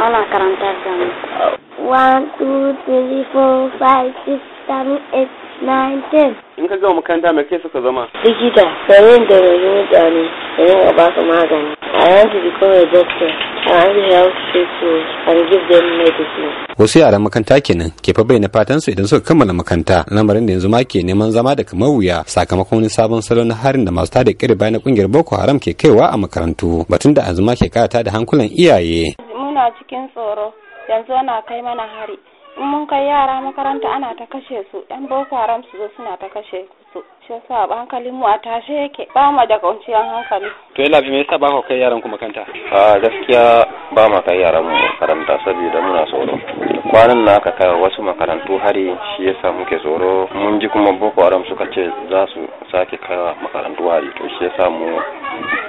Allah karantar da mu. One, two, three, four, five, six, seven, eight, nine, ten. In ka gama makaranta mai kai suka zama? Likita, sanin da rayuwar mutane, da yin a su magani. I want to become a doctor. I want to help people and give them medicine. Wasu yaran makaranta kenan ke fa bayyana fatan su idan suka kammala makaranta lamarin da yanzu ma ke neman zama da kamar wuya sakamakon wani sabon salon na harin da masu tada kirba na kungiyar Boko Haram ke kaiwa a makarantu batun da azuma ke karata da hankulan iyaye. muna cikin tsoro yanzu ana kai mana hari in mun kai yara makaranta ana ta kashe su yan boko haram su zo suna ta kashe su shi yasa hankalin mu a tashe yake ba mu da kwanciyar hankali to yalla me yasa ba ku kai yaran ku makaranta a gaskiya ba mu kai yaran mu makaranta saboda muna tsoro kwanan na aka kai wasu makarantu hari shi yasa muke tsoro mun ji kuma boko haram suka ce za su sake kai makarantu hari to shi yasa mu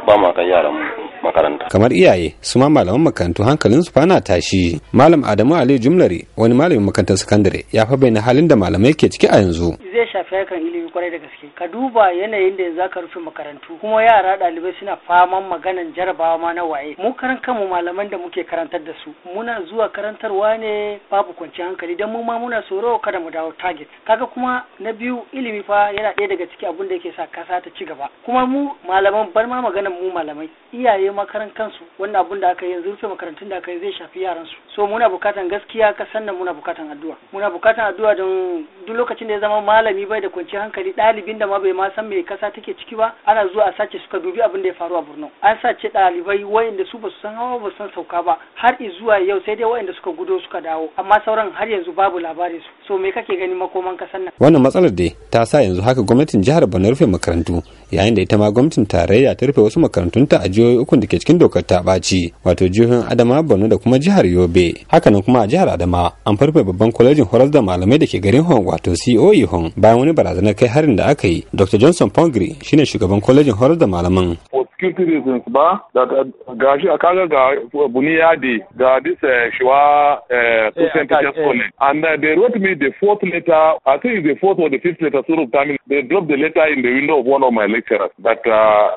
ba mu kai yaran mu makaranta kamar iyaye su ma malaman makarantu hankalin su fana tashi malam adamu ali jumlari wani malamin makarantar sakandare ya fa bayyana halin da malamai ke ciki a yanzu zai shafi harkar ilimi kwarai da gaske ka duba yanayin da yanzu aka rufe makarantu kuma yara ɗalibai suna faman maganan jarabawa ma na waye mu karan kanmu malaman da muke karantar da su muna zuwa karantarwa ne babu kwanciyar hankali dan mu ma muna tsoro kada mu dawo target kaga kuma na biyu ilimi fa yana ɗaya daga ciki abun da yake sa kasa ta ci gaba kuma mu malaman bar ma maganan mu malamai iyaye makaran kansu wannan abin da aka yi yanzu rufe makarantun da aka yi zai shafi yaran su so muna bukatan gaskiya ka sannan muna bukatan addu'a muna bukatan addu'a don duk lokacin da ya zama malami bai da kwanciyar hankali ɗalibin da ma bai ma san me kasa take ciki ba ana zuwa a sace suka dubi abin da ya faru a Borno an sace ɗalibai wayanda su basu san hawa basu san sauka ba har zuwa yau sai dai wayanda suka gudo suka dawo amma sauran har yanzu babu labarin su so me kake gani makoman kasan nan wannan matsalar dai ta sa yanzu haka gwamnatin jihar Borno rufe makarantu yayin da ita ma gwamnatin tarayya ta rufe wasu makarantunta a jihohi ukun da ke cikin dokar ta ɓaci wato jihohin adama borno da kuma jihar yobe hakanan kuma a jihar adama an farfe babban kwalejin horas da malamai da ke garin hong wato coe hon bayan wani barazanar kai harin da aka yi dr johnson pongri shine shugaban kwalejin horas da malaman security reasons ba a kaga ga Buniyadi ga this eh, Shiwa eh, eh, and uh, they wrote me the fourth letter I think it's the fourth or the fifth letter sort of time they dropped the letter in the window of one of my lecturers but uh,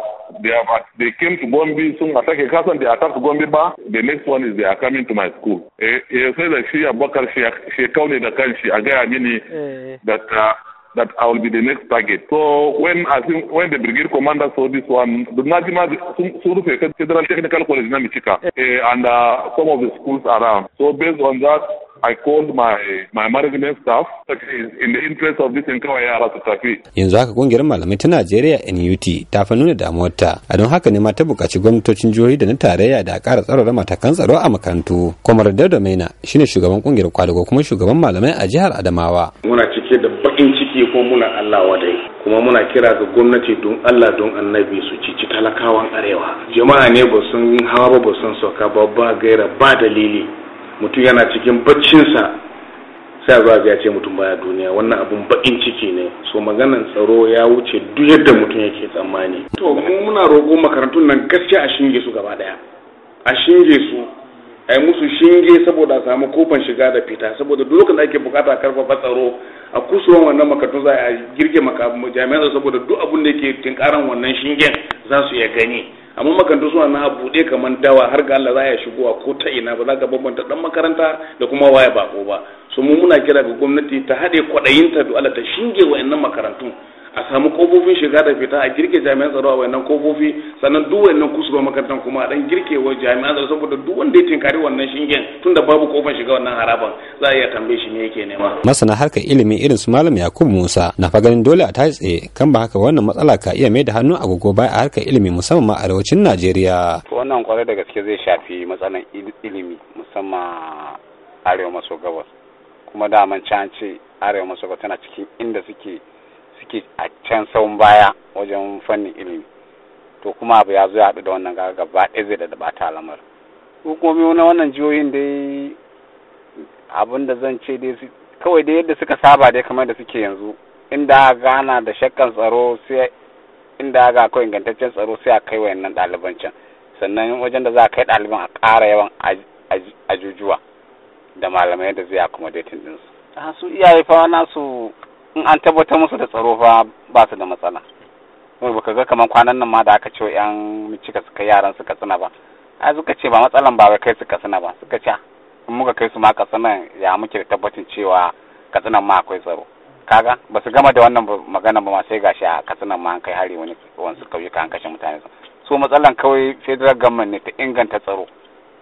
they have uh, they came to Gombe they attacked Gombe ba the next one is they are coming to my school eh sai da shi da kanshi a gaya mini that uh, that I will be the next target. So when I think when the brigade commander saw this one, the Najima Surufe Federal Technical College in Michika, eh, and uh, some of the schools around. So based on that, I called my my management staff in the interest of this inquiry yara to take. Yanzu haka kungiyar malamai ta Najeriya NUT ta fa nuna damuwarta. A don haka ne ma ta bukaci gwamnatocin jihohi da na tarayya da ƙara da matakan tsaro a makarantu. Kwamar da Maina shine shugaban kungiyar kwadago kuma shugaban malamai a jihar Adamawa. Muna cike da bakin ciki ko muna Allah wadai. kuma muna kira ga gwamnati don Allah don annabi su cici talakawan arewa jama'a ne ba sun hawa ba sun sauka ba ba gaira ba dalili mutum yana cikin baccinsa sai zuwa ya ce mutum baya duniya wannan abun bakin ciki ne so maganan tsaro ya wuce duk yadda mutum yake tsammani to muna roƙo makarantun nan gaskiya a shinge su gaba daya a shinge su ai musu shinge saboda a samu kofan shiga da fita saboda duk lokacin da ake bukata a karfafa tsaro a kusurwan wannan makarantun za a girge jami'an saboda duk abun da yake tinkaran wannan shingen za su iya gani amma makarantu suna na buɗe kamar dawa har ga Allah za ya a ko ta ina ba za ka bambanta dan makaranta da kuma waya bako ba so mu muna kira ga gwamnati ta haɗe kwaɗayinta da Allah ta shinge wa'annan makarantun a samu kofofin shiga da fita a girke jami'an tsaro a wannan kofofi sannan duk wannan kusurwa makarantar kuma a dan girke wa jami'an tsaro saboda duk wanda ya tinkari wannan shingen tunda babu kofar shiga wannan haraban za a iya tambaye shi ne yake nema masana harkar ilimi irin su malam yakubu musa na fa ganin dole a tashi tsaye kan ba haka wannan matsala ka iya mai da hannu agogo baya a harkar ilimi musamman ma arewacin najeriya wannan kwarai da gaske zai shafi matsalan ilimi musamman arewa maso gabas kuma man can ce arewa maso gabas tana cikin inda suke suke a can sauran baya wajen fannin ilimi to kuma abu ya zo ya haɗu da wannan ga gaba ɗaya zai da ta lamar hukumomi na wannan jihohin dai abin da zan ce dai kawai dai yadda suka saba dai kamar da suke yanzu inda gana da shakkan tsaro sai inda ga akwai ingantaccen tsaro sai a kai wayannan ɗaliban can sannan wajen da za a kai ɗaliban a ƙara yawan ajujuwa da malamai da zai accommodating ɗinsu. su iyaye fa na su in an tabbatar musu da tsaro fa ba su da matsala ka ga kamar kwanan nan ma da aka ce yan cika suka yaran suka tsina ba a suka ce ba matsalan ba kai suka tsina ba suka ce ah, in muka kai su ma tsina ya muke da tabbacin cewa tsina ma akwai tsaro kaga ba su gama da wannan magana ba ma sai gashi a tsina ma an kai hari wani wasu ka an kashe mutane so matsalan kawai federal government ne ta inganta tsaro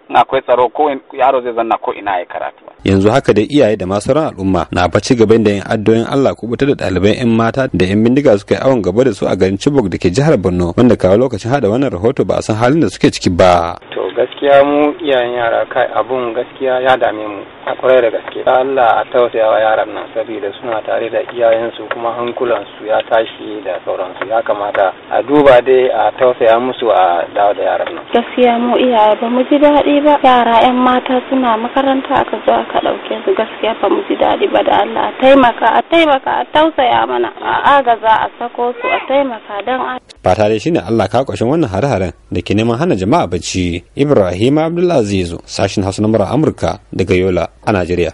in akwai tsaro ko yaro zai zanna ko ina ya karatu yanzu haka dai iyaye da masu ran al'umma na fa ci gaban da yin addu'o'in Allah ku buta da ɗaliban 'yan mata da 'yan bindiga suka yi awon gaba da su a garin Chibok da ke jihar Borno wanda kawo lokacin hada wannan rahoto ba a san halin da suke ciki ba. gaskiya mu iyayen yara kai abun gaskiya ya dame mu a kwarai da gaske Allah a tausayawa yaran nan saboda suna tare da iyayensu kuma hankulansu ya tashi da sauransu ya kamata a duba dai a tausaya musu a dawo da yaran nan gaskiya mu iyaye ba mu ji daɗi ba yara yan mata suna makaranta aka zo aka ɗauke su gaskiya ba mu ji daɗi ba da Allah a taimaka a taimaka a tausaya mana a agaza a sako su a taimaka don a tare shi shine Allah ka kwashin wannan hare-haren da ke neman hana jama'a bacci Ibrahim abdul'azizu sashin Hausa na Amurka daga Yola a Najeriya.